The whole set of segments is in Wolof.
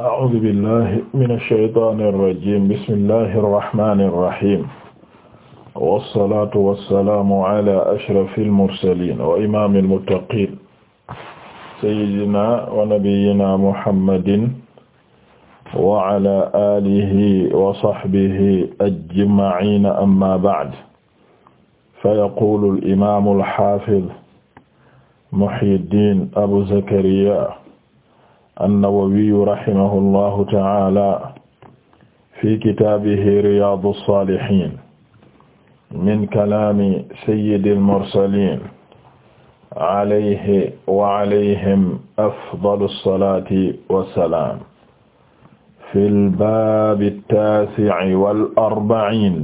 a'uuzu billahi mina shaytaani rajiim bismillahi rahmaani rahiim wassalaatu wassalaamu ala ashrafil mursaliin wa imaamil muttaqiin sayyidinaa wa nabiyyinaa muhammadin wa ala aalihi wa sahbihi ajma'iin amma ba'd fayaquulu al imaamul haafiz muhyiddin abu zakariyaa annawawiyu rahimahu llahu taala fi kitaabihi riyaadu saalihiin min kalaami sayyidil mursaliin alayhi wa alayhim afdalu salaati wa salaam fil baabi taasi'i wal arba'iin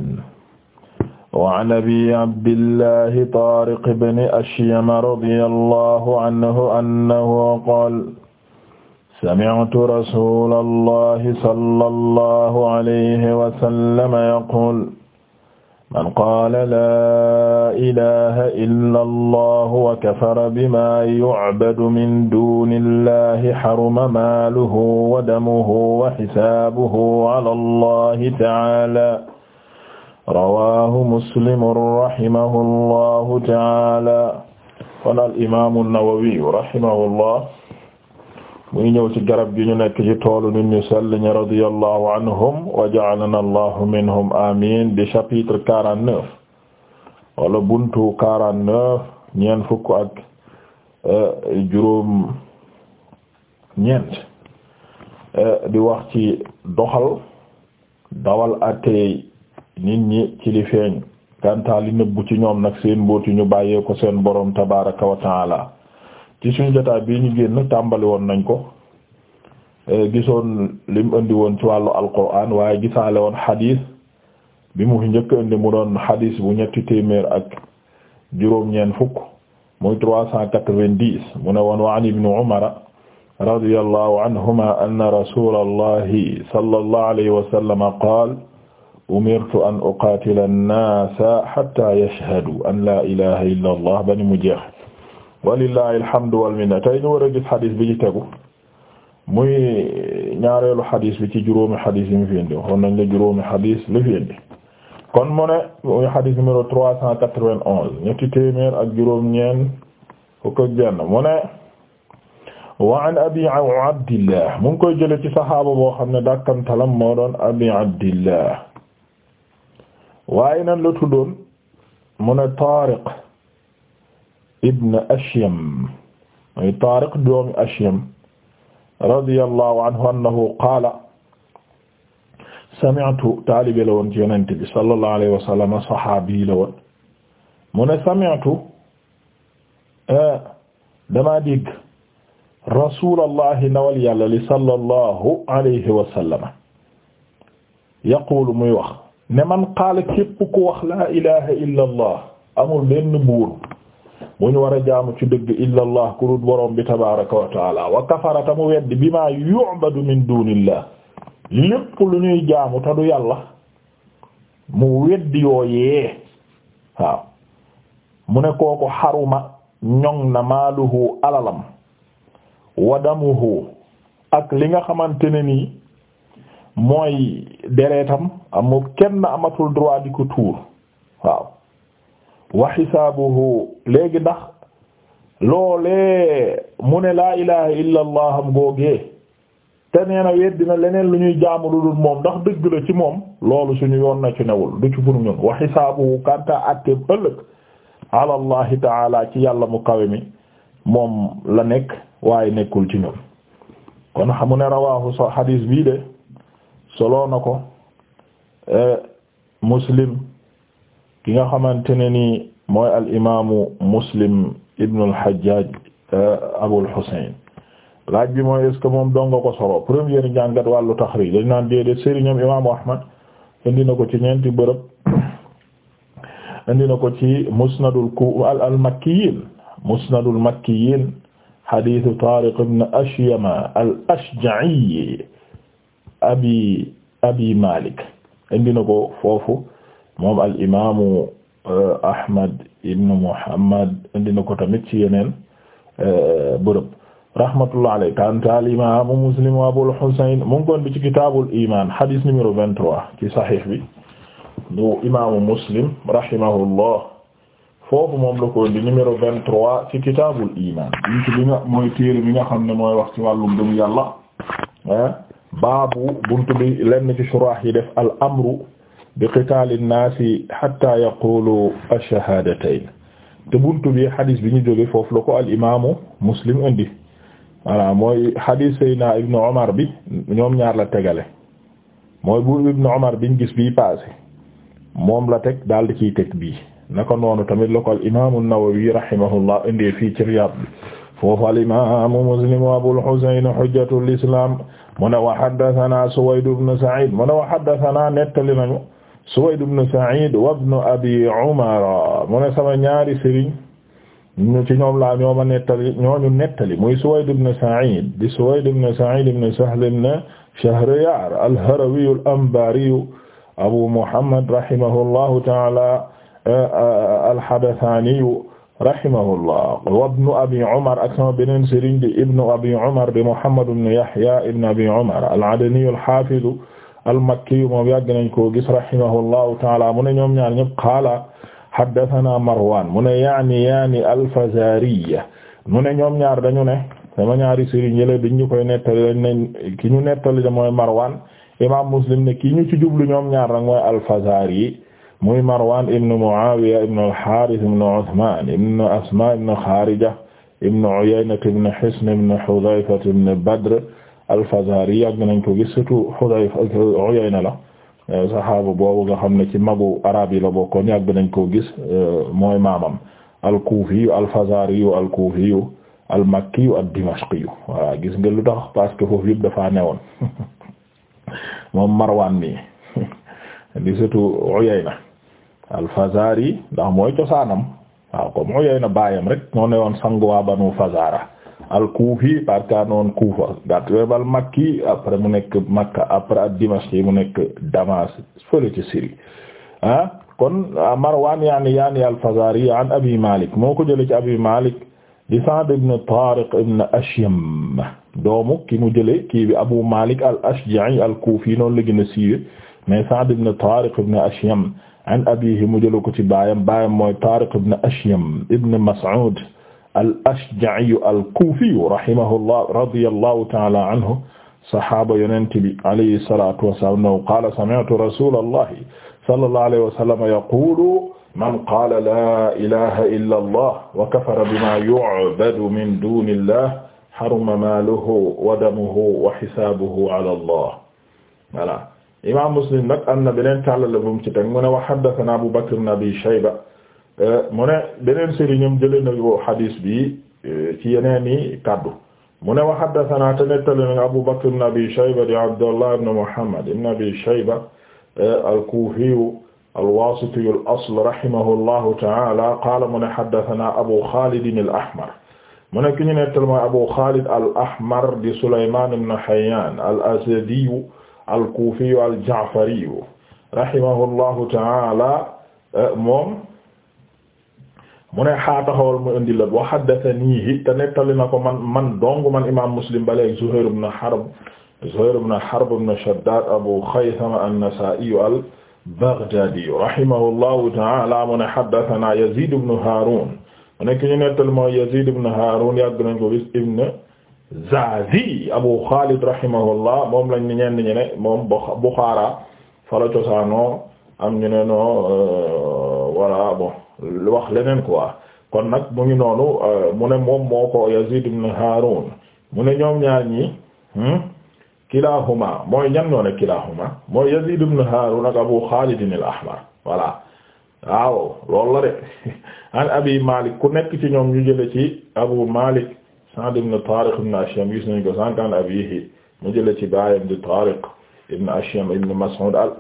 wa an abi abdillahi taariq ibn ashyam radiyallahu anhu annahu qaala sami'tu rasulallahi sallallahu alayhi wa sallam yaqul man qaala laa ilaha illa allah wa kafara bima yu'badu min dunillahi haruma maaluhu wa damuhu wa hisaabuhu ala allahi ta'ala rawahu muslimun rahimahu allahu ta'ala qaala al imaamu nawawi rahimahullah muy ñëw ci garab gi ñu nekk ci toolu nit ñu sell ñi radiyallahu anhum wa ja'alana allahu minhum amin di chapitre quarante-neuf wala buntu quarante-neuf ñeent fukk ak euh, juróom ñeent euh, di wax ci doxal dawal attey nit ñi ci li feeñ gantaa li nëbbu ci ñoom nag seen mbooti ñu bàyyee ko seen borom tabaraka wa taala ci suñu jotaay bii ñu génn tàmbali woon nañ ko eh, gisoon lim indi woon ci wàllu alquran waaye gisaale woon xadiis bi mu fi njëkk indi mu doon xadiis bu ñetti téeméer ak juróom-ñeent fukk muy trois cent quatre-vingt-dix mu ne woon wa an ibnu umara radiyallahu anhuma anna rasulallahi sallallahu alayhi wa sallam qaal umirtu an uqaatila an-naasa hatta yashhadu an la ilaha illa allah bani mu jeex walillahi alhamdu wal minna tey ñu war a gis xadis bi ci tegu muy ñaareelu xadis ci juróomi xadis nañ juróomi xadis li fi kon mu ne muy xadis numéro trois ak juróom-ñeent fukk ak mu ngi koy jële ci saxaaba boo xam ne dàkkantalam moo doon abi abdillah waaye nan la tuddoon mu Taariq ibn Ashyam mooy Taariq doomi Ashyam radiyallahu anhu annahu qaala sami'tu taalibe la woon ci yonent bi sallallahu alayhi wa sallam saxaabi la woon mu ne sami'tu damaa dégg rasulallahi nawal yàlla li sallallahu alayhi wa sallam yaqulu muy wax ne man qaala képp ku wax laa ilaha illa allah amul benn buur bu ñu war a jaamu ci dëgg illa allah ku dul borom tabaraka wa taala wa kafara ta mu weddi bi maa yu'badu min dunillah lépp lu ñuy jaamu ta du yàlla mu weddi yooyee waaw mu ne kooku xaruma ñoŋ na maaluhu alalam wa damuhu ak li nga xamante ne nii mooy deretam amul kenn amatul droit di ko tuur waaw wa xisaabuhu léegi ndax loolee mu ne la ilaha illa allah am googee te nee na leneen lu ñuy jaamu lu dul moom ndax dëgg la ci moom loolu suñu yoon na ci newul du ci pour ñun wa xisaabuhu kanta atteem ëllëg ala allahi ci yàlla mu kawe mi moom la nekk waaye nekkul ci ñun kon xamu ne rawahu so xadiis bii de soloona na ko eh, muslim ki nga xamante ne nii mooy al imaamu muslim ibn al hajjaj eh, abul husayn laaj bi mooy est-ce que moom donga ko solo première njàngat wàllu taxrij dañ naan déedéet sëriñam imaamu ahmad indi na ko ci ñeenti bërëb indi na ko ci musnadul ku al al makkiyin musnadul makkiyin hadithu tariq ibn ashyama al ashja'i abi abi malik indi na ko foofu moom al imaamu Euh, Ahmad ibn Muhammad indi na ko tamit ci yeneen euh, bërëb rahmatullah alayhi kanta al imam Muslim wa Abul Husayn mu ngi koon bi ci kitaabul iman hadith numéro 23 ci sahih bi bu imaamu Muslim rahimahullah foofu moom la ko di numéro 23 ci kitaabul iman liñ ci li nga mooy téere bi nga xam ne mooy wax ci wàllum dum yàlla baabu buntu bi lenn ci shurah yi def al amru bi qitaali nnaasi hatta yaqulu ash-shahaadatayn bi hadis bi ñu jóge foofu la ko al imaamu muslim indi voilà mooy hadis na Ibn Omar bi ñoom ñaar la tegale mooy bu Ibn Omar biñ gis bii passé moom la teg daal di ciy teg bii naka noonu tamit la ko al Nawawi rahimahullah indee fii ci Riyaad bi foofu al imaamu Muslim wa Abul Husayn hujjatul islam mu ne wa haddathanaa Suwayd ibn Sa'iid mu ne wa haddathanaa nettali nañu Suwayd ibn Sa'id wa ibn Abi Umar mu ne sama ñaari sëriñ ñu ci ñoom laa ñoo ma nettali ñooñu nettali muy Suwayd ibn Sa'id di Suwayd ibn Sa'id ibn Sahl ibn Shahriyar al-Harawi al-Anbari Abu Muhammad rahimahullahu ta'ala al-Hadathani rahimahullah wa ibn Abi Umar ak sama beneen sëriñ di ibn Abi Umar di Muhammad ibn Yahya ibn Abi Umar al-Adani al-Hafiz al-Makki moom yàgg nañ koo gis rahimahullahu taala mu ñoom ñaar ñëpp qaala haddathana Marwan mu ne yaani yaani al-Fazari mu ne ñoom ñaar dañu ne sama ñaari sëriñ yële dañ ñu koy nettali dañ ne ki nettali da mooy Marwan imam Muslim ne ki ci jublu ñoom ñaar nag mooy al-Fazari muy Marwan ibn Muawiya ibn al-Harith ibn Uthman ibn Asma ibn Kharija ibn Uyayna ibn Hisn ibn Hudhayfa ibn Badr al-Fazari nañ ko gis surtout Hudayfa Uyayna la euh, saxaaba boobu nga xam ne ci magu arab yi la bokkoon yàgg nañ koo gis euh, mooy maamam al-Kufi al-Fazari al-Kufi gis nga tax parce que foofu yëpp dafaa newoon moom Marwan mi di surtout Uyayna al ndax mooy cosaanam waaw comme Uyayna baayam rek moo newoon sangu waa al-Kufi parce Kufa gàtt bal Makki après mu nekk Makka après ak Dimashqi mu nekk Damas fële ci Syrie ah, kon Marwan yaani yaani al-Fazari Abi Malik moo ko jëlee ci Abi Malik di Sa'd ibn Tariq ibn Ashyam doomu ki mu jëlee kii bi Abu Malik al-Ashja'i al-Kufi noonu la gën a siiwee Tariq ibn Ashyam an abiihi mu jëlee ko ci baayam baayam mooy Tariq ibn Ashyam ibn Mas'ud al-Ashja'i al-Kufi rahimahullah radiyallahu ta'ala anhu saxaaba yonent bi alayhi salaatu wa salaam qaala sami'tu rasulallahi sallallahu alayhi wa sallam yaqulu man qaala laa ilaaha illa allah wa kafara bimaa yu'badu min duunillah haruma maaluhu wa damuhu wa hisaabuhu ala allah voilà imaam Muslim nag am na beneen tàllale bu mu ci teg mu ne wa haddathanaa Abu Bakr ibn Abi Shayba mu ne beneen sëriñam jëlee na ko hadis bi e, ci yeneen i kaddu mu ne wa haddathana te nettali na Abu Bakr ibn Abi Shayba di Abdullah ibn Muhammad ibn Abi Shayba e, al-Kufi al-Wasiti al-asl rahimahullahu ta'ala qala mu ne haddathana Abu Khalid al-Ahmar mu ne ki ñu nettali mooy Abu Khalid al-Ahmar di Sulayman ibn Hayyan al-Asadi al-Kufi al-Ja'fari rahimahullahu ta'ala e, moom mu ne xaataxawal mu indi la wa haddathanihi te nettali na ko man man dong man imam Muslim bale Zuhayr ibn Harb Zuhayr ibn Harb ibn Shaddad Abu Khaythama an-Nasa'i al-Baghdadi rahimahullahu ta'ala mu ne haddathana Yazid ibn Harun mu ne ki ñu nettali moo Yazid ibn Harun yàgg nañ ko bis ibn Zazi Abu Khalid rahimahullah moom lañ ni ñenn ñi ne moom Bukhara fala cosaanoo am ñu ne no euh, voilà bon wax leneen ko quoi kon nag mu ngi noonu euh, mu ne moom moo ko Yazid ibn Harun mu ne ñoom ñaar ñi hmm? kilahuma mooy ñan ñoo ne kilahuma mooy Yazid ibn Harun ak Abu Khalid al-Ahmar voilà waaw loolu an Abi Malik ku nekk ci ñoom ñu jële ci Abu Malik Sa'd ibn Tariq ibn Asham mu jële ci baayam di Tariq ibn Asham ibn Mas'ud al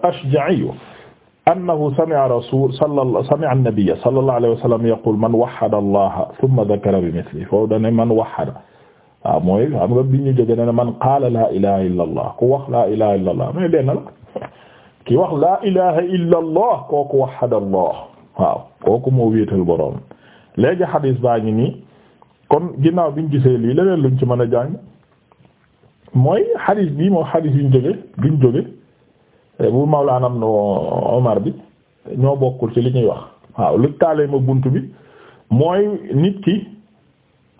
annahu sami'a rasul salla sami'a an-nabiyya sallallahu alayhi wa sallam yaqul man wahhada allaha thumma dhakara bi mithli foofu dane man wahhada waaw ah, mooy xam nga bi ñu jóge ne man qaala laa ilaha illa allah ku wax laa ilaha illa allah mais benn la ki wax laa ilaha illa allah kooku wahhada allah waaw kooku moo wéetal boroom léegi xadis baa ngi nii kon ginnaaw biñ gisee lii leneen luñ ci mën a jàng mooy xadis bii moo xadis yuñ jóge duñ jóge Eh, bu Mawlaana Ibnu Umar bi ñoo bokkul ci li ñuy wax waaw lu taalee ma bunt bi mooy nit ki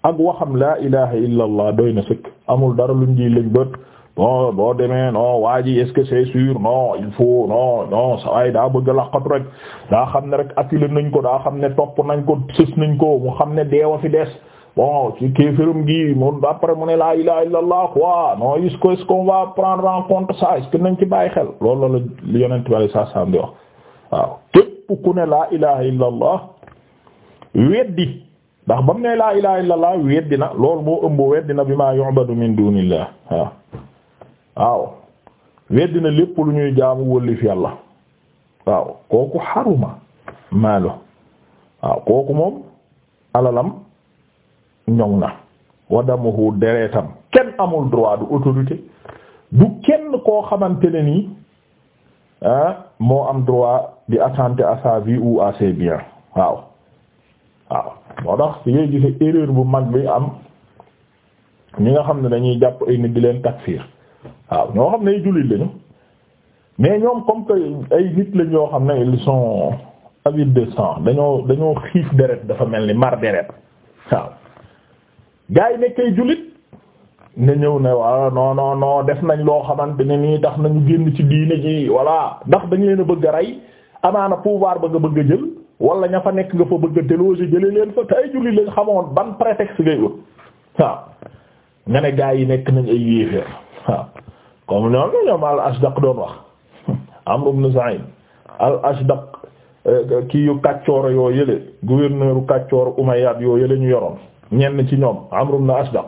ak waxam laa ilaha illa allah doy na sëkk amul dara luñ ji lañ bët boo demee non waa ji est-ce que c'est sûr non il faut non non sa daa bëgg laqatu rek daa xam ne rek acculé nañ ko daa xam ne topp nañ ko sës nañ ko mu xam ne deewa fi des bon ci kéeférum gi moom après mu ne la ilaha illallah quoi non est-ce va prendre en compte ça est-ce que nañ ci bàyyi xel loolu la yonent bari saa saam di wax waaw képp ku ne la ilaha illallah weddi ndax ba mu ne la ilaha illallah weddi na loolu moo ëmb weddi na bi maa yu'badu min weddi na lépp lu ñuy jaamu wëllif yàlla waaw kooku xaruma maalo waaw kooku moom alalam ñoŋ na wadamuhu deretam kenn amul droit du autorité du kenn koo xamante ne nii ah, moo am droit di attenter à sa vie ou à ses waaw waaw moo tax si ngay gisee erreur bu mag bi am ñi nga xam ne dañuy jàpp ay nit di leen takfiir waaw ñoo xam ne ay jullit lañu mais ñoom comme que ay nit lañ yoo xam ne ils sont avides de sang dañoo dañoo xiif deret dafa mel ni mar deret waaw gaa yi nekkee jullit nga ñëw ne waaw non non non def nañ loo xamante ne nii tax nañu génn ci diine ji voilà ndax dañ leen bëgg a rey amaana pouvoir ba nga bëgg a jël wala ña fa nekk nga fa bëgg a déloger jëlee leen fa te ay jullit lañ xamoon ban prétexte ngay ut waaw nga ne gaa yi nekk nañ ay yéefeer waaw comme ñoom ñoom al Ashdaq doon wax Amr ibn Sa'id al Ashdaq eh, kii yu kàccoor yoo yële gouverneur u kàccoor Umayyad yoo yële ñu yoroon. ñenn ci ñoom Amru ibn Ashdaq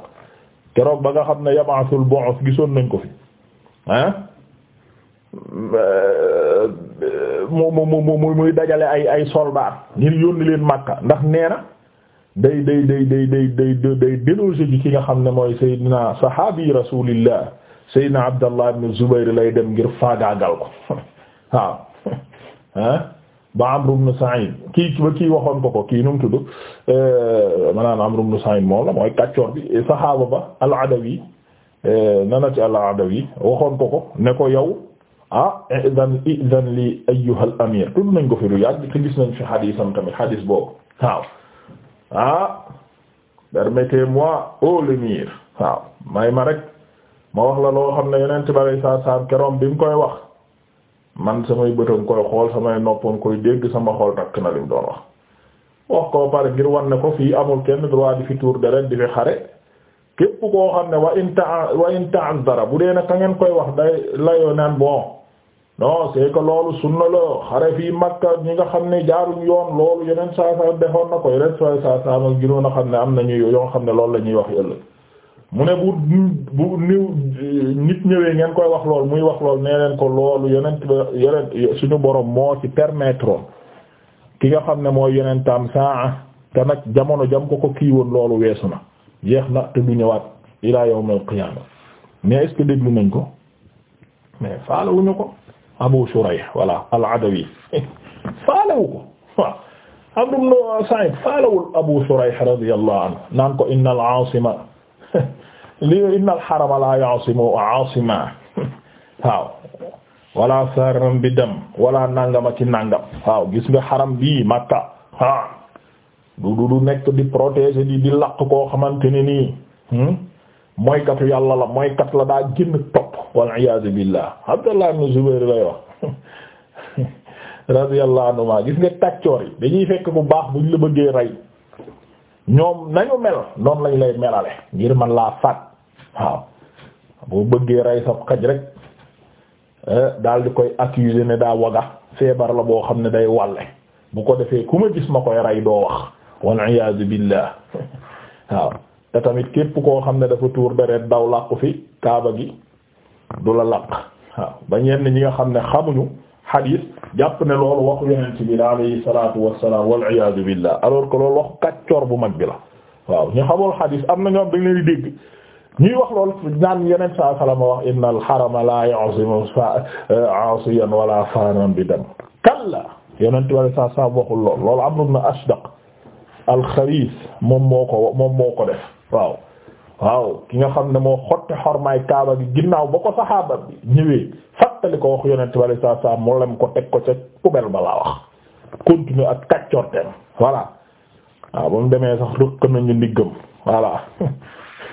keroog ba nga xam ne yab'athul bu'th gisoon nañ ko fi ah mu mu muy dajale ay ay soldat ngir yónni leen Makka ndax nee na day day day day day day day déloger ji ki nga xam ne mooy Seydina sahabi rasulillah Seydina Abdallah ibn Zubayr lay dem ngir faagaagal ko waaw ah ba Amr ibn Sa'id kii ba kii waxoon ko ko kii nu mu euh, manaan am Amr ibn Sa'id moom la mooy kàccoor bi saxaaba ba al-Adawi euh, nanati al-Adawi waxoon ko ko ne ko yow ah idan idan li ayyuha al-amir tudd nañ ko fi lu yàgg te gis nañ fi xadiisam tamit xadiis boobu waaw ah permettez-moi ô l'émir waaw may ma rek ma wax la loo xam ne yeneen tubaab yi saa saam keroom bi mu koy wax. man samay bëtam koy xool samay noppam koy dégg sama xool takk na lim doon wax wax ko pare ngir wan ko fii amul kenn droit di fi tuur deret di fi xare képp koo xam ne wa in ta wa in ta'azzara bu dee nag ka ngeen koy wax day layoo naan bon non c'est que loolu sunna la xare fii Makka ñi nga xam ne jaaruñ yoon loolu yeneen saa saa defoon na ko yeneen saa saa ma gënoon a xam ne am na ñuy yoo xam ne loolu la ñuy wax yëllëg mu ne bu bu nit ñëwee ngeen koy wax loolu muy wax lool nee leen ko loolu yonent yonent suñu boroom moo ci permettre ki nga xam ne mooy yonentam saa te nag jamono jam ko ko kii woon loolu weesu na jeex na te du ñëwaat ilaa yawmal qiyaama mais est déglu nañ ko mais faalewuñu ko Abu Shurayh voilà al-Adawi faalewu ko waaw Abdullah Abu Shurayh radiyallahu anhu naan ko innal aasima li innal harama la ya'simu asima waaw wala saram bi dem wala nangama ci nangam waaw gis nga xaram bii Makka ah du du du nekk di protéger di di laq koo xamante ne nii hmm? mooykatu yàlla la moykat la daa génn topp wal iyaazu billah Abdallah ibn Zubayr lay wax nga tàccoor yi dañuy fekk bu baax buñ la bëggee rey ñoom nañu mel noonu lañ lay melale ngir man laa faat waaw boo bëggee rey sa xaj rek eh, daal di koy accuser ne daa waga feebar la boo xam ne day wàlle bu ko defee ku ma gis ma koy rey doo wax wal iyaazu billaah waaw te tamit képp koo xam ne dafa tuur deret daw làqu fi kaaba gi du la làq waaw ba ñenn ñi nga xam ne xamuñu xadiis jàpp ne loolu waxu yonent bi la alayhi salaatu wassalaam wal iyaadu loolu waxu kàccoor bu mag bi la waaw ñu xamul xadiis am na ñoom dañ leen di dégg ñuy wax loolu naan yonent saa salama wax inna alxarama la ya'simu aasiyan euh, wala bi dam kalla yonent wala saa saa waxul lool loolu Amru ibn Ashdaq alxaris moom moo ko moom moo ko def waaw ki nga xam ne moo xotti xormaay kaaba gi ginnaaw ba ko saxaaba bi ñëwee fàttali ko wax yonent bi sallallahu ko teg ko ca poubelle ba laa wax continuer ak kàccorteem voilà waaw ah, ba mu demee sax rëq nañu ndiggam voilà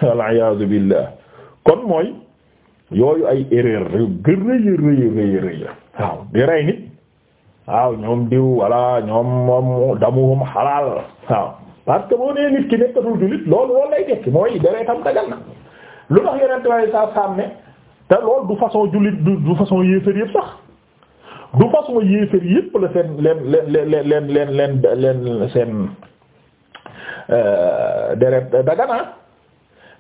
waliyasu billah kon mooy yooyu ay erreur gërëy rëy rëy waaw di rey nit waaw ñoom diw voilà ñoom moom xalaal waaw parce que boo nee nit ki nekkatul jullit loolu loolu lay tekki mooy deretam dagal na lu tax yonent bi sallallahu alayhi ne te loolu du façon jullit du façon yéefér yëpp sax du façon yéefér yëpp la seen leen leen leen leen leen leen seen euh, deret daganaa ah.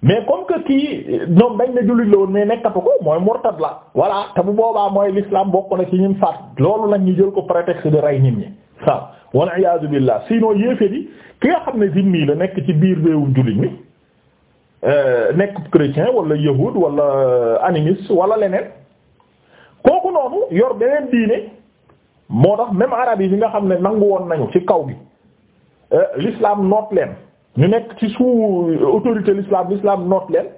mais comme que kii ñoom dañ ne jullit la woon mais nekkatu ko mooy murtad la voilà te bu boobaa mooy l'islam bokk na ci ñun faat loolu nag ñu jël ko prétexte de rey nit ñi waaw wal iyaazu billah sinon yéefér yi ki nga xam ne zimmi la nekk ci biir réewum jullit mi Euh, nekk chrétien wala yahud wala euh, animiste wala leneen kooku noonu yor beneen diine moo tax même arab yi nga xam ne nangu woon nañu ci kaw gi euh, lislaam noot leen ñu nekk ci sous autorité l'islam l'islam noot leen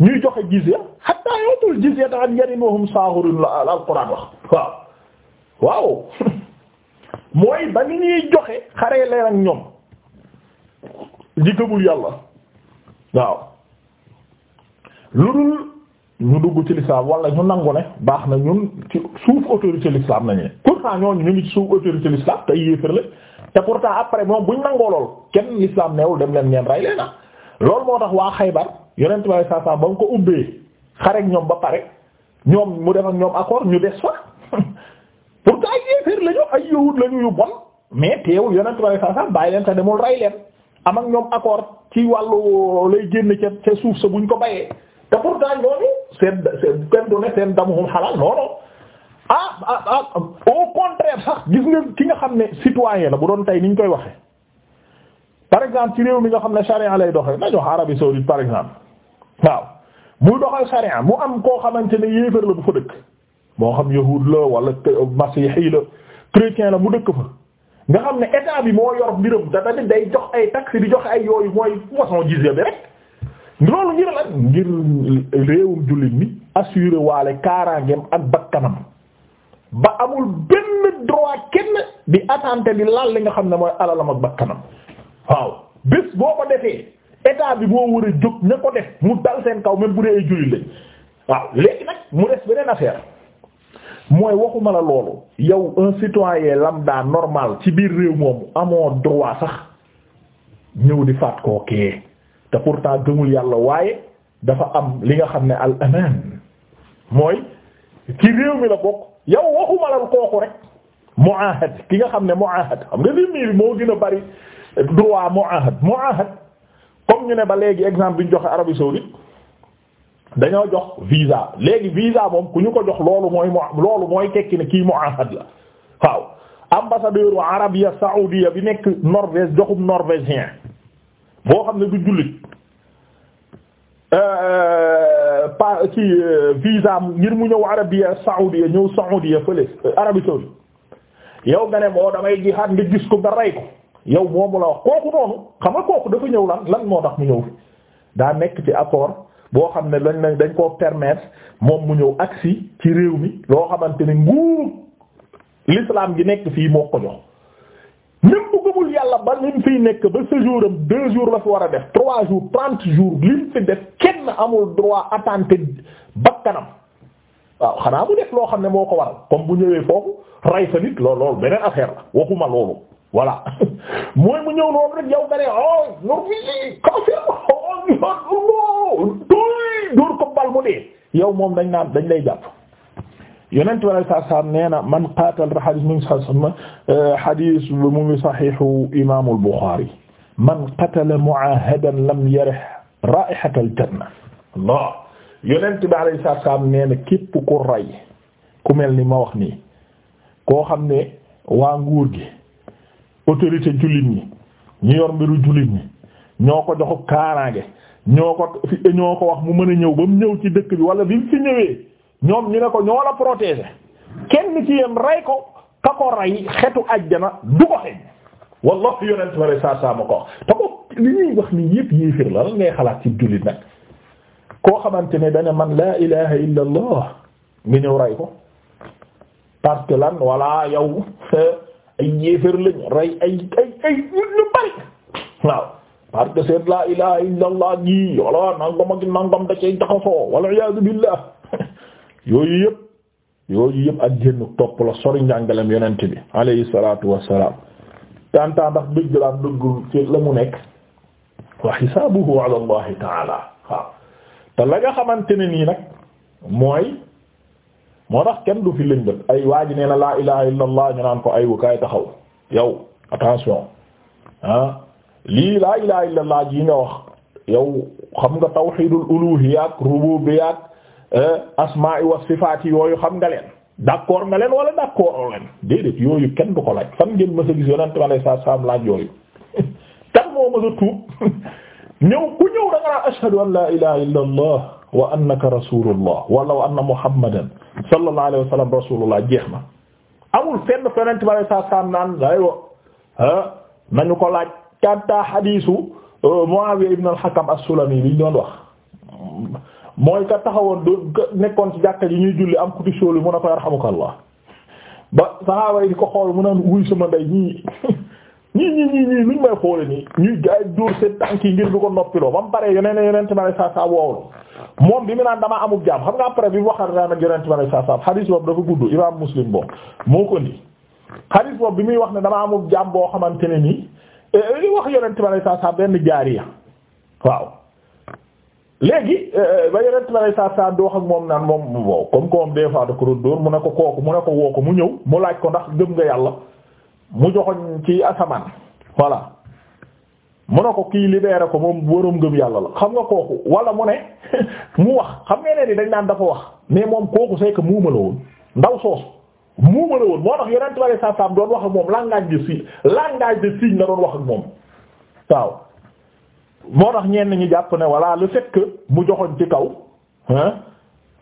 ñuy joxe jizya hatta yootul jizya an yadin wa hum saahirun la alquran wax waaw waaw mooy ba ni ñuy joxe xaree leen ak ñoom di gëmul yàlla waaw lu dul ñu dugg ci lislaam wala ñu nangu ne baax na ñun ci suuf autorité lislaam nañu ne pourtant ñooñu ñu ngi ci suuf autorité lislaam te yéefar la te pourtant après moom buñ nangoo lool kenn lislaam neewul dem leen ngeen rey leen ah loolu moo tax waa Xaybar yonent bi saa saa ba mu ko ubbee xare ñoom ba pare ñoom mu def ak ñoom accord ñu des fa pourtant ay yéefar lañu ay yawut lañu yu bon mais teewul yonent bi saa saa bàyyi leen te demul rey ñoom accord ci wàllu lay génn ca ca suuf sa buñ ko bayee. te pour ñooñu seen seen kenn du ne seen damuhum xalaal ah, ah ah au contraire sax gis nga ki nga xam ne citoyen la bu doon tey ni ñu koy waxe par exemple ci réew mi nga xam ne charia lay doxee nañu wax Arabie saoudite par exemple waaw muy doxal charia mu am koo xamante ne yéefar la bu fa dëkk moo xam yahuud la wala masiixi la chrétien la mu dëkk fa nga xam ne état bi moo yor mbiram te tamit day jox ay taxes di jox ay yooyu mooy façon jizya bi rek. loolu ngir lan ngir réewum jullit mi assuré waale kaaraangeem ak bakkanam ba amul benn droit kenn di attenter di laal li nga xam ne mooy alalam ak bakkanam waaw bés boo ko defee état bi moo war a jóg ña ko def mu dal seen kaw même bu dee ay jullit lañ waaw léegi nag mu des beneen affaire mooy waxuma la loolu yow un citoyen lambda normal ci biir réew moomu amoo droit sax ñëw di faat koo te pourtant gëmul yàlla waaye dafa am li nga xam ne al amaan mooy ci réew mi la bokk yow waxuma la kooku rek muahad ki nga xam ne muahad xam nga limii moo gën a bari droit muahad muahad comme ñu ne ba léegi exemple bi ñu joxe Arabie saoudite dañoo jox visa léegi visa moom ku ñu ko jox loolu mooy loolu mooy tekki ne kii muahad la waaw ambassadeur u Arabie saoudia bi nekk Norvège joxum norvégien boo xam ne du jullit euh, euh, pa ci euh, visa ngir mu ñëw Arabia Saoudia ñëw Saoudia fële Arabie saoudite yow nga ne moo damay gis ko nga rey ko yow moomu la wax kooku noonu xam nga kooku dafa ñëw lan lan moo tax mu ñëw fi daa nekk ci accord boo xam ne dañ dañ koo permettre moom mu ñëw agsi ci réew mi loo xamante ne nguur l'islam gi nekk fii moo ko jox. gëmul yàlla ba lim fiy nekk ba séjour am deux jours la fi war a def trois jours trente jours lim fi def kenn amul droit attenter bakkanam waaw xanaa mu def loo xam ne moo ko waral comme bu ñëwee foofu rey sa nit lool loolu beneen affaire la waxuma loolu voilà mooy mu ñëw loolu rek yow gane oh nor bi kafir oh ñor lool dóor ko bal mu dee yow moom dañ naan dañ lay jàpp yonent bi alayhi salaatu salaam nee man qaatal xadis mu ngi sax euh, xadis mu ngi saxiixu imaamul Buxaari man qatala mu'aahadan lam yarih raa'ihatal janna Allah yonent bi alayhi salaatu salaam nee na ku rey ku mel ni ma wax nii koo xam ne waa nguur gi autorité jullit ñi yor mbiru jullit ñi ñoo ko joxu kaaraange ñoo ko ñoo ko wax mu mën a ñëw ba mu ñëw ci dëkk bi wala bi mu fi ñëwee. ñoom ñu ne ko ñoo la protégé kenn ci yem rey ko ka ko rey xetu ajjana du ko xeeñ wallahu yonent ma saa saa ko wax te ko li ñuy wax nii yëpp yéefir la lan ngay xalaat ci jullit nag koo xamante ne dana man la ilaha illa allah ñëw rey ko parce que lan walla yow ay yéefir lañ rey ay ay ay ñu bari waaw parce que c'est laa ilaha illa allah gi walla nangam ak nangam da cee jaxasoo wal iyaadu billah yooyu yëpp yooyu yëpp ak génn topp la sori njàngalem yonent bi alayhi salaatu wassalaam tàntaa ndax dëgg laa dëggul ci la mu nekk wa xisaabuhu ala allahi taala waaw la nga xamante ni nii nag mooy moo tax kenn du fi lëñbët ay waa ji nee na laa ilaha illa allah ay wukaay taxaw yow attention ah lii laa ilaha ji nga wax yow xam nga tawxidul uluhiyya Eh, asmaa wa sifaat yooyu xam nga leen d'accord nga leen wala d'accord leen déedéet yooyu kenn du ko laaj fan ngeen mës a gis yonent bi alayhi salaatu salaam laaj yooyu kan moo mës a tuub ñëw ku ñëw da nga naan ashhadu an laa ilaaha illallah wa annaka rasulullah wala wa anna muhammadan sallallahu alayhi wa sallam jeex na amul fenn fa yonent bi alayhi salaatu salaam eh, nañu ko laaj kanta hadiisu eh, Muawiya ibn al-Hakam as-Sulami bi doon wax. mooy ka taxawoon doon nekkoon ci jàkka ji ñuy julli am kuti sóoli mun a ko yarhamukallah ba saxaaba yi di ko xool mu a wuy sama ndey ñii ñii ñii ñii ñii luñ may nii ñuy gaay dóor seen tànk yi ngir du ko noppiloo ba mu paree yeneen yeneen ma saa saa woowlu moom bi mu naan dama amul jaam xam nga après bi wax waxal naa nag yeneen ma saa saa xadiis boobu dafa gudd imaam muslim boobu moo ko nii xadiis boob bi muy wax ne damaa amul jàmm boo xamante ne nii eh, wax yeneen ma saa saa benn jaariya waaw léegi euh, euh, ba yonent la saa saa di wax ak moom naan moom wow comme comme des fois da ko doon dóor mu ne ko kooku mu ne ko woo mu ñëw mu laaj ko ndax gëm nga yàlla mu joxoñ ci asamaan voilà mu ne ko kii libéré ko moom waroom gëm yàlla la xam nga kooku wala mu ne mu wax xam nga neen yi dañ naan dafa wax mais moom kooku c'est que muuma la woon ndaw soosu muuma la woon moo tax yonent la saa saa doon wax ak moom langage de signe langage de signe la doon wax ak moom moo tax ñenn ñi jàpp ne voilà le fait que mu joxoon ci kaw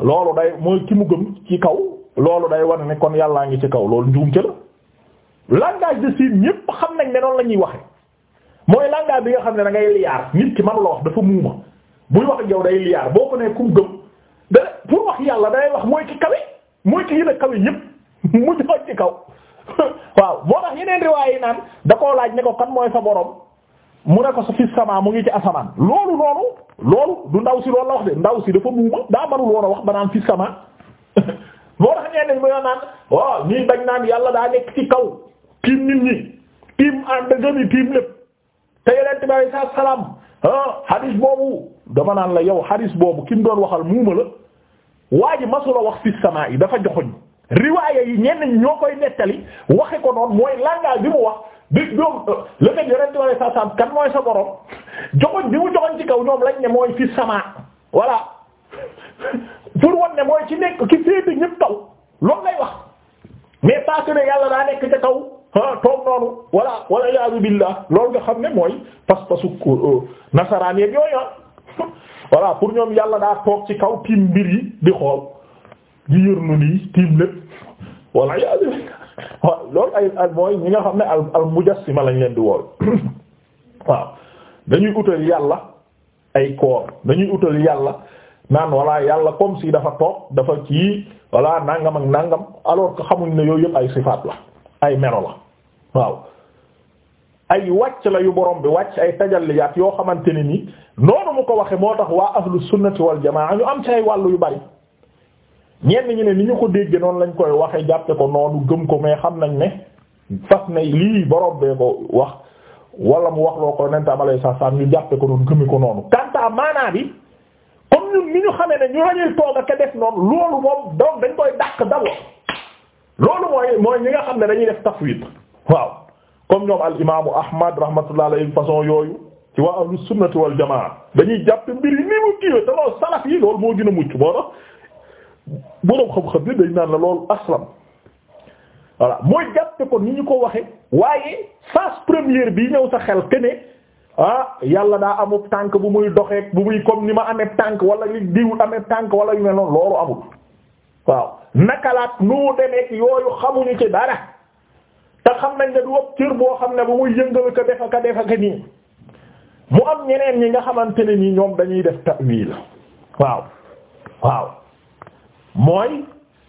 loolu day mooy ki mu gëm ci kaw loolu day wane ne kon yàllaa ngi ci kaw loolu njuumte la langage de signes ñépp xam nañ ne noonu la ñuy waxe mooy langage bi nga xam ne dangay ngay liyaar nit ki man la wax dafa muuma buy wax yow day liyaar boo ko ne ku mu gëm da pour wax yàlla dangay wax mooy ki kawe mooy ki gën a kawe ñépp mu joxoon ci kaw waaw moo tax yeneen riwaay yi naan da koo laaj ne ko kan mooy sa borom. mu ne ko sa fi mu ngi ci asamaan loolu noonu loolu du ndaw si loolu la wax de ndaw si dafa muuma daa barul woon a wax ba naan fi sama moo tax ñenn ñi ba naan waaw ñii dañ naan yàlla daa nekk ci kaw tiim nit ñi tiim ànd gëni tiim lépp te yonent bi alayhi hadis ah, boobu dama naan la yow hadis boobu ki mu doon waxal muuma la waa ji masula wax fi sama yi dafa joxoñ riwaaya yi ñenn ñoo koy nettali waxe ko noonu mooy langage bi mu wax. bi ñoom euh, la fait yonent bi alayhi salaam kan mooy sa borom joxoñ bi mu joxoñ ci kaw ñoom lañ ne mooy fi sama voilà pour won ne mooy ci nekk ki féete ñëpp kaw loolu lay wax mais pas que ne yàlla daa nekk ca kaw ah toog noonu voilà wala yaazu billah loolu nga xam ne mooy pas-pasu euh, nasaraan yeeg nasaraan ah voilà pour ñoom yàlla daa toog ci kaw tiim mbir yi di xool di yërnu nii tiim lépp wala yaazu billah waaw loolu ay mooy ñi nga xam ne al al mujassima lañ leen di wooyu waaw dañuy wutal yàlla ay koor dañuy wutal yàlla naan walla yàlla comme si dafa toog dafa kii walla nangam ak nangam alors que xamuñ ne yooyu yëpp ay sifaat la ay melo la waaw ay wàcc la yu borom bi wàcc ay tajalliyaat yoo xamante ne ni noonu mu ko waxe moo tax waa ahlu sunnati wal jamaa ñu am ci ay wàllu yu bari ñenn ñu ne ni ñu ko dégge noonu lañ koy waxe jàppe ko noonu gëm ko mais xam nañ ne fas na lii borom bee ko wax wala mu wax loo ko nentaam alay saa saam ñu jàppe ko noonu gëmi ko noonu kanta maanaa bi comme ñun ni ñu xamee ne ñu lañuy toog ak def noonu loolu moom donc dañ koy dàq dawa loolu mooy mooy ñi nga xam ne dañuy def tafwid waaw comme ñoom al imaamu ahmad rahmatullah alayhi façon yooyu ci waa ahlus sunnati wal jamaa dañuy jàpp mbir yi ni mu kiiwee te boo boroom xam-xam yi dañ naan la loolu aslam voilà mooy jàppe ko ni ñu ko waxee waaye phase première bi ñëw sa xel ke ne ah yàlla daa amub tànk bu muy doxee bu muy comme ni ma amee tànk wala li diw amee tànk wala yu mel noonu loolu amul waaw nakalaat nuu demeek yooyu xamuñu ci dara te xam nañ ne du wop cër boo xam ne bu muy yëngal ko defa ka defa ka nii mu am ñeneen ñi nga xamante ni ñoom dañuy def ta'wil waaw waaw mooy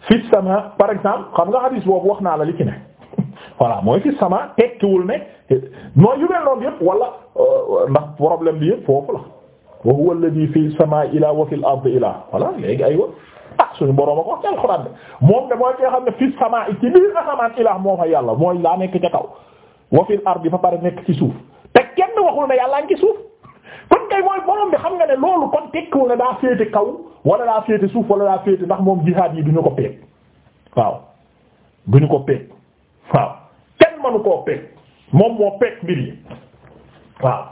fi sama par exemple xam nga hadis boobu wax naa la li ci ne mooy fi sama tekkiwul ne mooy yu mel noonu yëpp wala euh, ndax problème bi yëpp foofu la wa huwa alladhi fi sama ila wa fil ardi ila voilà léegi aywa ah suñu boroom a ko ci alxuraan de moom de mooy ki nga xam ne fi sama ci biir asamaan ilaa moo fa yàlla mooy laa nekk ca kaw wa fil ardi fa pare nekk ci suuf te kenn waxul ne yàlla ngi ci suuf kon kay mooy borom bi xam nga ne loolu kon tekkiwu ne daa féete kaw wala daa féete suuf wala daa féete ndax moom jihaad yi duñu ko peeg waaw duñu ko peeg waaw kenn mënu koo peeg moom moo peeg mbir yi waaw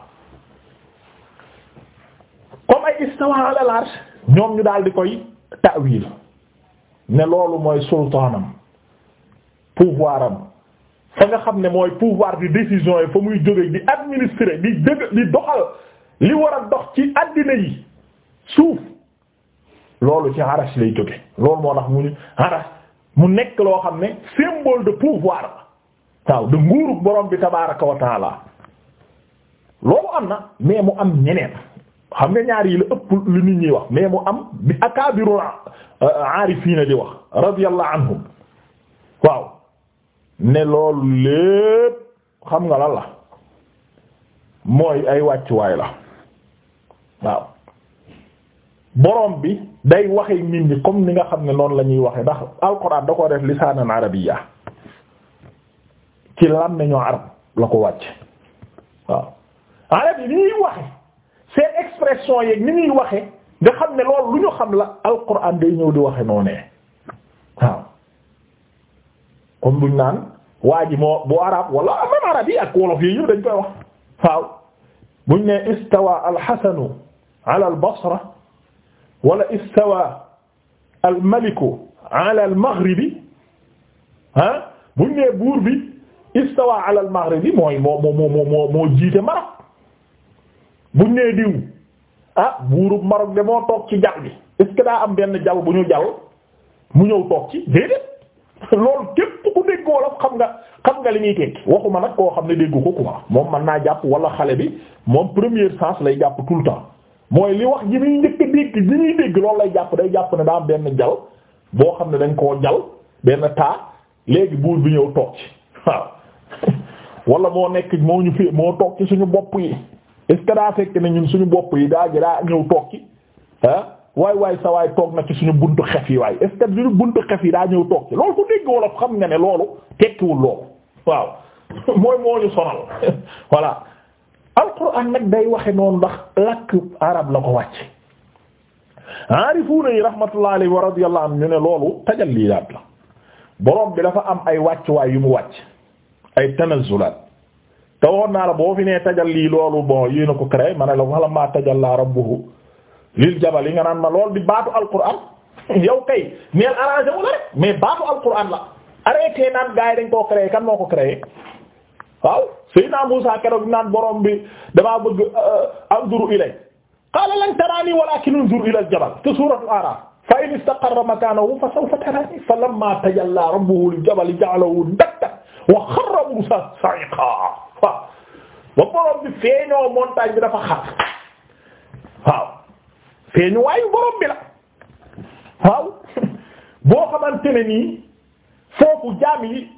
comme ay istawa ala ñoom ñu daal di koy ta'wil ne loolu mooy sultaanam pouvoir fa nga xam ne mooy pouvoir di décision yi fa muy jóge di administrer di dëgg di doxal li war a dox ci àddina yi suuf loolu ci arash lay jóge loolu moo tax mu ñu arash mu nekk loo xam ne symbole de pouvoir waaw de nguurug borom bi tabaaraka wa taala loolu am na mais mu am ñeneen xam nga ñaar yi la ëpp lu nit ñi wax mais mu am bi akaabiru aarifiina di wax radiyallahu anhum waaw ne loolu lépp xam nga lan la mooy ay wàccuwaay la waaw borom bi day waxee nit ñi comme ni nga xam ne noonu la ñuy waxee ndax alxuraan da ko def lisaanan arabiyya ci lan nañoo arab la ko wàcc waaw arab ni ñuy waxe seen expression yeeg ni ñuy waxe nga xam ne loolu lu ñu xam la alxuraan day ñëw di waxe noonee waaw comme buñ naan waa ji moo bu arab wala même arab ak wolof yi dañ koy wax waaw buñ ne istawa alxasanu ala al-Basra wala istawa al-maliku ala al-maghribi ah bu ñu buur bi istawa ala maghribi mooy moo moo moo moo moo jiite Maroc bu ñu diw ah buurub Maroc de moo toog ci jal bi est ce daa am benn jal bu ñu jal mu ñëw toog ci déedéet loolu képp ku dégg wolof xam nga xam nga li ñuy tekki waxuma nag koo xam ne déggu ko quoi moom mën naa jàpp wala xale bi moom premier sens lay jàpp tout temps. mooy li wax ji muy njëkk a dégg li muy dégg loolu lay jàpp day jàpp ne daa benn jal boo xam ne dañ koo jal benn taa léegi buur bi ñëw toog ci waaw wala moo nekk moo ñu fi moo toog suñu bopp yi est-ce que daa fekk ne ñun suñu bopp yi daa daa ñëw toog ci waaye waay waay sa waay toog na ci suñu buntu xef yi waay est-ce buntu xef yi daa ñëw toog ci loolu ku dégg wala xam nga ne loolu tekkiwul loolu waaw mooy moo ñu sonal voilà. alquran nag day waxe noonu ndax làkk arab la ko wàcc aarifuuna yi rahmatullah alayhi wa radiyallahu anhu ñu ne loolu tajallilaat la borom bi dafa am ay wàcc waay yu mu wàcc ay tanazzulaat te waxoon naa la boo fi nee tajalli loolu bon yii na ko créé ma ne la wala maa tajalla rabbuhu lil jabal yi nga naan ma lool di baatu alquran yow kay neel arrangé mu la rek mais baatu alquran la arrêté naan gars dañ koo créé kan moo ko créé waaw Seydina Muusaa keroog naan borom bi damaa bëgg euh, anzuru ilay qaala lan taraani walaakin unzur ilal jabal te suuratul A'raaf fa in istaqarra makaanahu fa sawfa taraani falammaa tajallaa rabbuhu lil jabali ja'alahu dakkan wa xarra Muusaa sa'iqaa waaw ba borom bi feeñoo montagne bi dafa xar waaw feeñu waayu borom bi la waaw boo xamante ne nii foofu jaam yi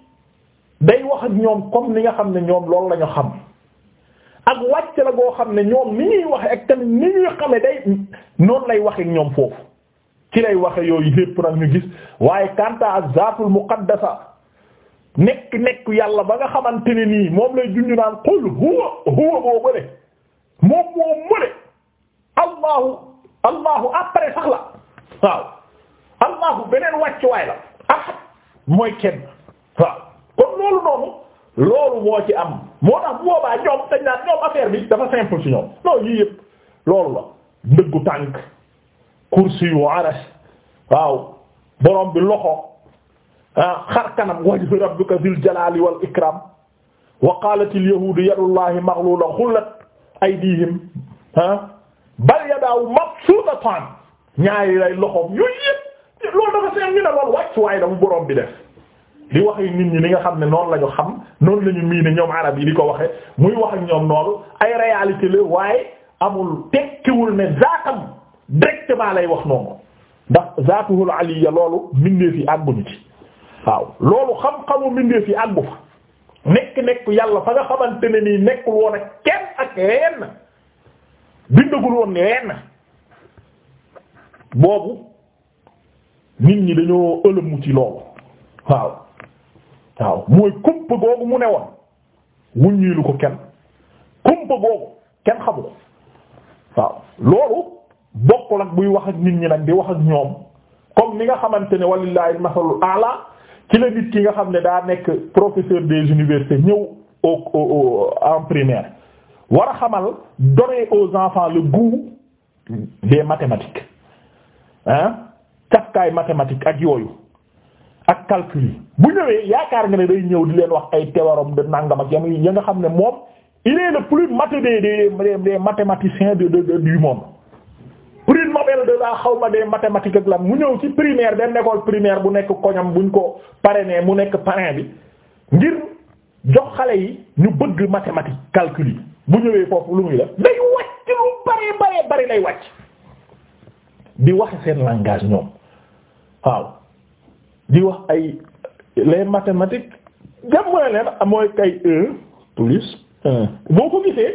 day wax ak ñoom comme ni nga xam ne ñoom loolu la ñu xam ak wàcc la goo xam ne ñoom ni ñuy waxe ak tamit ni ñuy xame day noonu lay waxe ñoom foofu ci lay waxe yooyu lépp nag ñu gis waaye kanta az-zaatul muqaddasa nekk nekk yàlla ba nga xamante ne nii moom lay junju naan qul huwa huwa boo bële moom moo mëne allahu allahu après sax la waaw allahu beneen wàccuwaay la ahad mooy kenn waaw kon loolu noonu loolu moo ci am moo tax bu boobaa ñoom dañ bi dafa simple ci ñoom non yii yëpp loolu la kursi yu aras borom bi loxo ah xar kanam wajhu rabbuka zil jalali wal ikram wa al yahudu yadullahi maghlula xullat aydihim ah bal yadaahu mabsuutatan ñaari lay loxoom yooyu yëpp dafa seen ñu ne loolu wàcc borom bi def di wax ak nit ñi li nga xam ne noonu la ñu xam noonu lañu ñu miine ñoom arab yi di ko waxe muy wax ak ñoom noonu ay réalité la waaye amul tekkiwul ne zaatam directement lay wax noonu ndax zaatuhul aliya loolu mbindeef yi àgguñu ci waaw loolu xam-xamu mbindeef yi àggu fa nekk-nekk yàlla fa nga xamante ne nii nekkul woon ak kenn ak yenn bindagul woon yenn boobu nit ñi dañoo ëlëmu ci loolu waaw waaw mooy kumpa googu mu ne woon wuññiilu ko kenn kumpa googu kenn xamu ko waaw loolu bokkul ak buy wax ak nit ñi nag bi wax ak ñoom comme ni nga xamante ne walillahi al-masalul a'la ci la nit ki nga xam ne daa nekk professeur des universités ñëw au en primaire war a xamal donner aux enfants le goût des mathématiques hein cafkaay mathématiques ak yooyu ak calcul yi bu ñëwee yaakaar nga ne day ñëw di leen wax ay théorème de nangam ak yam ya nga xam ne moom il est le plus maté des des des mathématiciens de de du monde. prix Nobel de la xaw ma des mathématiques ak la mu ñëw ci primaire benn école primaire bu nekk koñam buñ ko pare parrainé mu nekk parrain bi ngir jox xale yi ñu bëgg mathématique calcul yi bu ñëwee foofu lu muy def day wàcc lu bari bari lay wàcc di wax seen langage ñoom waaw. di wax ay les mathématiques jàmm na leen mooy kay un plus boo ko gisee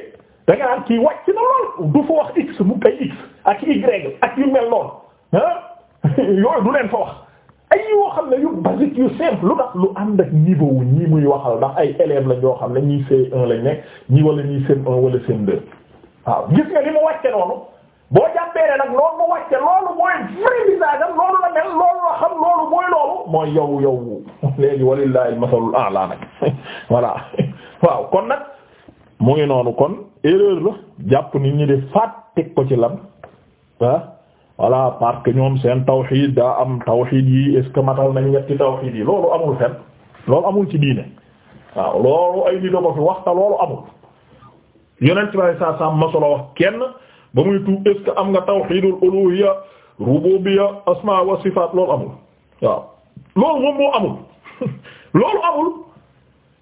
da nga naan kii wàcc na lool du fa wax x mu kay x ak y ak yu mel noonu ah yooyu du leen fa wax ay yoo xam ne yu basique yu simple lu tax lu ànd ak niveau wu ñii muy waxal ndax ay élèves la ñoo xam ne ñii C1 lañ nekk ñii wala ñii CM1 wala CM2 waaw gis nga li mu wàcce noonu boo jàpp repérer nag loolu mu wàcce loolu mooy vrai visage am loolu la mel loolu la xam loolu mooy loolu mooy yow yow léegi walillahi al-masalul a'la nag voilà waaw kon nag mu ngi noonu kon erreur la jàpp nit ñi di faat ko ci lan ah voilà parce ñoom seen tawxiid daa am tawxiid yi est ce que matal nañ ñetti tawxiid yi loolu amul fen loolu amul ci diine waaw loolu ay di ko fi waxta loolu amul yonent bi sallallahu alayhi wasallam masul kenn ba muy tuub est-ce que am nga tawxiidul uluhiyya rububiyya asmaa wa sifaat loolu amul waaw amul loolu amul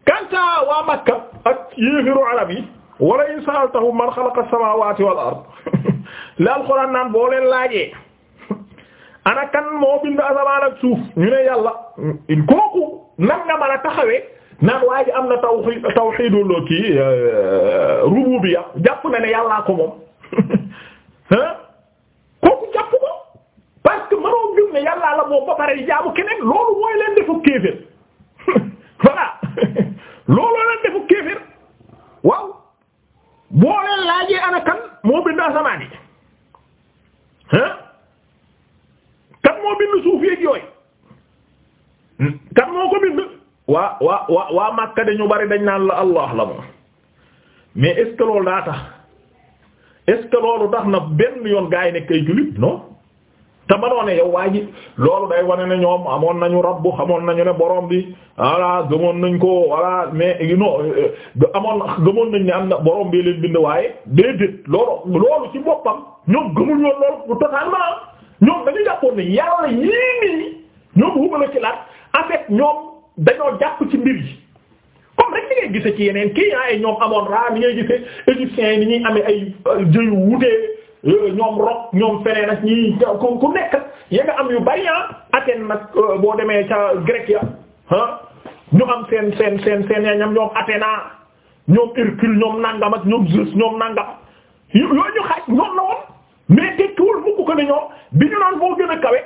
kanta Makka ak yéefiru arab yi wala in sa'altahum man xalaqa as-samaawaati wal ard la alxuraan naan boo leen laajee ana kan moo bind asamaan ak suuf ñu ne yàlla kooku nan nga mën a taxawee naan am na tawxiid tawxiidul kii euh, rububiyya jàpp na ne yàllaa ko kooku jàpp ko parce que mënoo jur ne yàllaa la moom ba pare jaamu keneen loolu mooy leen defu kéefër voilà looloo leen defu kéefër waaw boo leen laajee ana kan moo bind asamaan yi kan moo bind suuf yeeg yooyu kan moo ko bind waa waa waa waa Makka dañu bari dañ naan la Allah la moom mais est-ce daa tax est-ce loolu tax na benn yoon gaa yi nekk ay jullit non te mënoo ne yow waa ji loolu day wane ne ñoom amoon nañu rabbu xamoon nañu ne boroom bi voilà gëmoon nañ ko voilà mais eh, non euh, euh, amoon gëmoon nañ ne am na borom bi leen bind waaye déedéet loolu loolu ci boppam ñoom gëmul woon loolu bu totalement ñoom dañu jàppoon ne yàlla yii nii ñoom hubala ci laat en ñoom dañoo jàpp ci mbir comme rek ni ngay gise ci yeneen kii ah ñoom amoon ra ni ngay gise égyptiens yi ni ñuy amee ay euh, jëyu wutee euh, ñoom rok ñoom feneen ak ñi ku nekk ya nga am yu bari ah nag euh, boo demee ca grec ya ah ñu am seen seen seen seen ñam ñoom Athéna ah. ñoom Hercule ñoom nangam ak ñoom Zeus ñoom nangam yooyu ñu xaaj ñoom la woon mais tekkiwul mukk ko ne ñoom bi ñu naan boo gën a kawe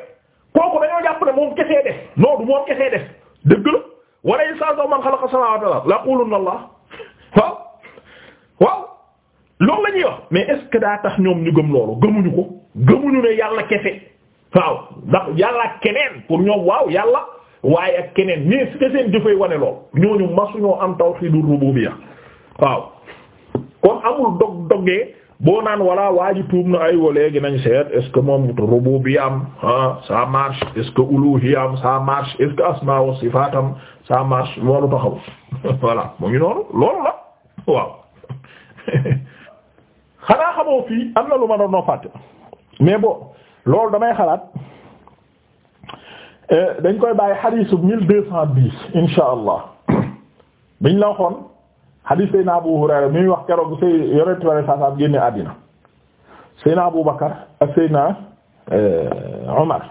kooku dañoo jàpp ne moom kesee def non du moom kesee def dëgg wala insa sax man xalaqa samawati wal ard la qulunna allah waaw waaw loolu la wax mais est daa tax ñoom ñu gëm loolu gëmuñu ko gëmuñu ne yàlla kese waaw ndax yàlla ak keneen pour ñoom waaw yàlla waaye ak keneen mais est-ce que seen jëfee wane lool ñooñu masuñoo am tawhidu rububiyya waaw kon amul dog dogee boo naan voilà waa ji tuub na ay wa léegi nañ seet est-ce que moom rububiyam am saa ah, marche est-ce que uluhiyam ça marche est-ce que asma wa sifatam ça marche loolu taxaw voilà ngi noonu loolu la waaw xanaa xamoo fii am na lu ma doon noo fàtte mais bon loolu damay xalaat eh, dañ koy bàyyi xadiisu mille deux cent dix insha allah biñ la waxoon hadis Seydina Abu Hurayra mi wax keroog Seydina yore tubaab saa saa génne àddina Seydina Abu Bakar ak Seydina euh, Omar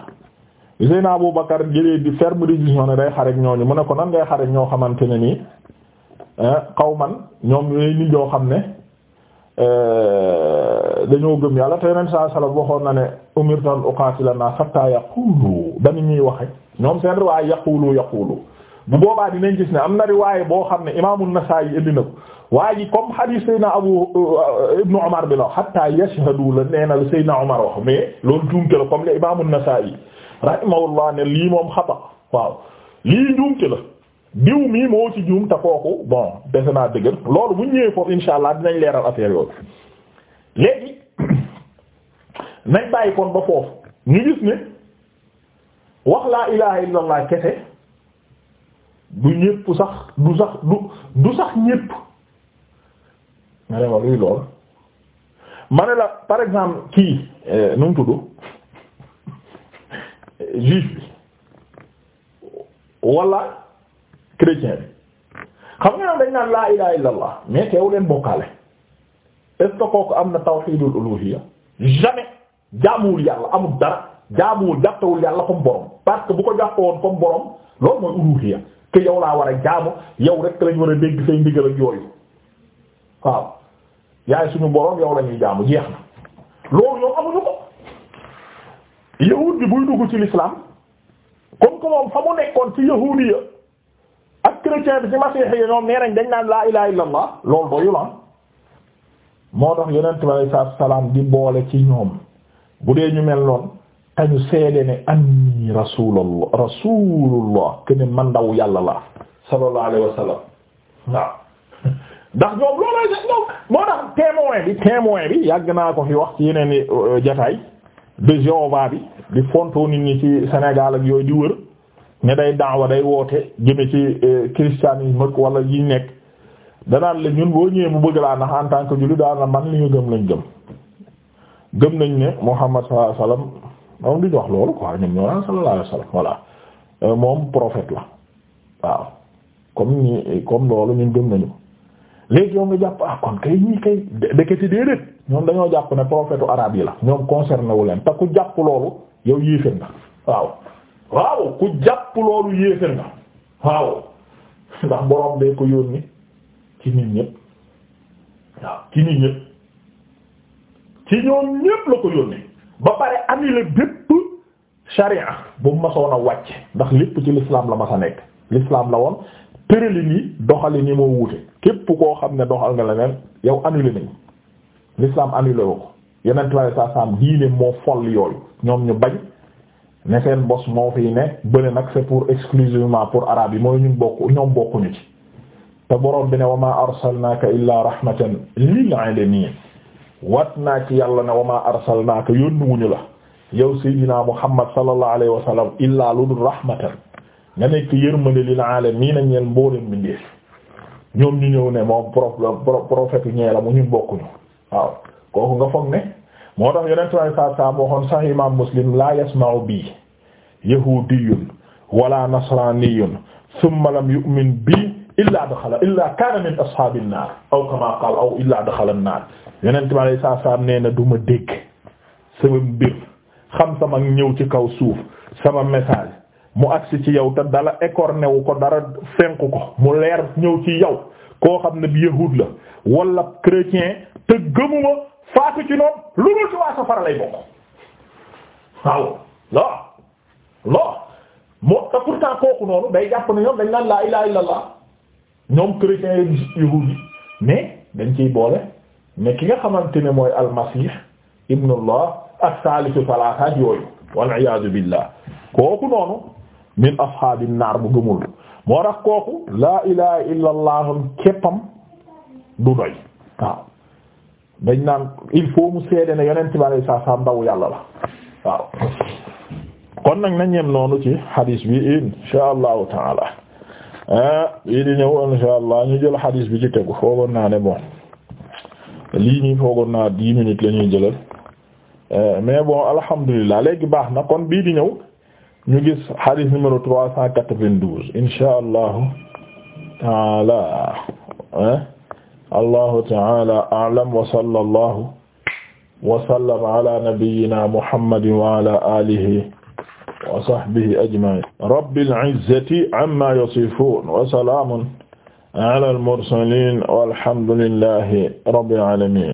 Seydina Abu Bakar jëlee di ferme décision ne day ñoo ñooñu mu ne ko nan ngay xareek ñoo xamante ne nii xaw euh, man ñoom ñooy nit yoo xam ne euh, dañoo gëm yàlla te yeneen saa sala waxoon na ne umirtu an uqaatila naas hatta yaqulu ba ni ñuy waxe ñoom seen riwaay yaqulu yaqulu. bu boobaa dinañ gis ne am na riwaaye boo xam ne imaamu Nasaa'i indi na ko waa comme hadith Seydina Abu euh, Ibnu Umar bi la hatta yashhadu la nee la Seydina Umar wax mais loolu juumte la comme le imaamu Nasaa'i rahimahullah ne lii moom xata waaw lii juumte la diw mii moo ci juum te kooku bon dese naa dëgër loolu bu ñëwee foofu insha dinañ leeral affaire yooyu léegi nañ bàyyi kon ba foofu ñu gis ne wax laa ilaaha illallah kese. du ñépp sax du sax du du sax ñépp nga ne ma luy lool ma la par exemple kii euh, nu mu tudd juif bi wala chrétien bi xam nga dañ naan laa ilaha illallah mais teewu leen bokkaale est-ce am na tawhidul uluhiyya jamais jaamuwul yàlla amul dara jaamuwul jàppewul yàlla comme borom parce que bu ko jàppewoon comme borom loolu mooy uluhiyya que yow laa war a jaamu yow rek lañ war a dégg say ndigal ak yooyu waaw yaay suñu boroom yow lañuy jaamu jeex na loolu yow amuñu ko yahud bi buy dugg ci lislaam comme ko moom fa mu nekkoon ci yahudiya ak chrétien bi ci masiix yi ñoom nee dañ naan laa ilaha illa allah loolu doyul ah moo tax yonent bi alayhi salaam di boole ci ñoom bu dee ñu mel noonu tañu seede ne anni rasulullah rasulullah kene man ndaw yàlla la sallallahu alayhi wa waaw ndax ñoom loolooy sax moo tax témoin bi bi yàgg naa ko fi wax ci yeneen i euh, jataay de Jéhovah bi di fontoo nit ñi ci Sénégal ak yooyu di wër ne day daawa day woote jëme ci euh, christianisme ak yi nekk danaan la ñun boo ñëwee mu bëgg laa nax en tant que man li ñu gëm lañ gëm gëm nañ ne Muhammad sallallahu alayhi moom duñu wax loolu quoi ñoom ñoo naan sallallahu alayhi wasallam voilà euh, moom prophète la waaw comme ni comme loolu ñun gëm nañu léegi yow nga jàpp ah kon kay ñii kay dëkkati déedéet ñoom dañoo jàpp ne prophète araab yi la ñoom concerné wu leen te ku jàpp loolu yow yéefér nga waaw waaw ku jàpp loolu yéefér nga waaw ndax borom day ko yónni ci nit ñépp waaw ci nit ñépp ci ñoom ñépp la ko yónni ba pare annulé bépp sharia bu mu a wàcc ndax lépp ci l'islam la masa nekk l'islam la woon tëralin yi doxalin yi moo wuute képp koo xam ne doxal nga leneen yow annulé nañ l'islam annulé woo ko yeneen tubaab saa saam diine moo foll yooyu ñoom ñu bañ ne seen bos moo fiy ne bële nag c'est pour exclusivement pour arabe yi mooy ñu bokk ñoom bokkuñu ci te borom bi ne wa ma arsalnaaka illaa rahmatan lil alamin wat naa ci yàlla na wa maa arsalnaaka yónni wuñu la yow sayyidina muhammad sallallahu alayhi wa illaa lu dul rahmatan nga nekk yërmande lil aalamiin ñeel mboolem bindéef ñoom ñu ñëw ne moom prophète ñee la mu ñu bokkuñu waaw kooku nga foog ne moo tax yeneen tubaab saa saa waxoon sax imaam muslim laa yasma'u bi yahuudiyyun wala nasraaniyyun thumma yu'min bi illaa daxala illaa kaana min ashaabin naar aw kamaa aw illaa daxala naar yeneen i ma lay saa saa nee na duma ma dégg sama mbir xam sama ñëw ci kaw suuf sama message mu agsi ci yow te dala écorné wu ko dara fenk ko mu leer ñëw ci yow koo xam ne bi la wala chrétien te gëmuma faatu ci noonu lu dul ci waa safara lay bokk waaw lo lo moo te pourtant kooku noonu day jàpp ne ñoom dañ naan laa ilaaha illallaah ñoom chrétiens yi mais dañ ciy boole mais ki nga xamante ne mooy almasih ibnullah ak saalisu salaataat yooyu wal iyaadu billah kooku noonu min ashaabin naar bu gëmul moo tax kooku laa ilaha illa allahum képpam du doy waaw dañ naan il faut mu seede ne yonent bi alayhi salaam ndaw yàlla la waaw kon nag nañ yem noonu ci hadis bi insha allahu taala Ah, lii di ñëw insha allah ñu jël xadiis bi ci tegu foogoon naa ne bon lii foogoon naa dix minutes la ñuy jëlal eh, mais bon alhamdulilah léegi baax na kon bii di ñëw ñu gis xadiis numéro trois cent quatre-vingt-douze insha allahu taala eh? allahu taala a'lam wa sallallahu wa sallama ala nabiyyina muhammadin wa ala wa sahbihi ajma'in rabbil izzati amma yasifun wa salamun ala al mursalin walhamdulillahi rabbil alamin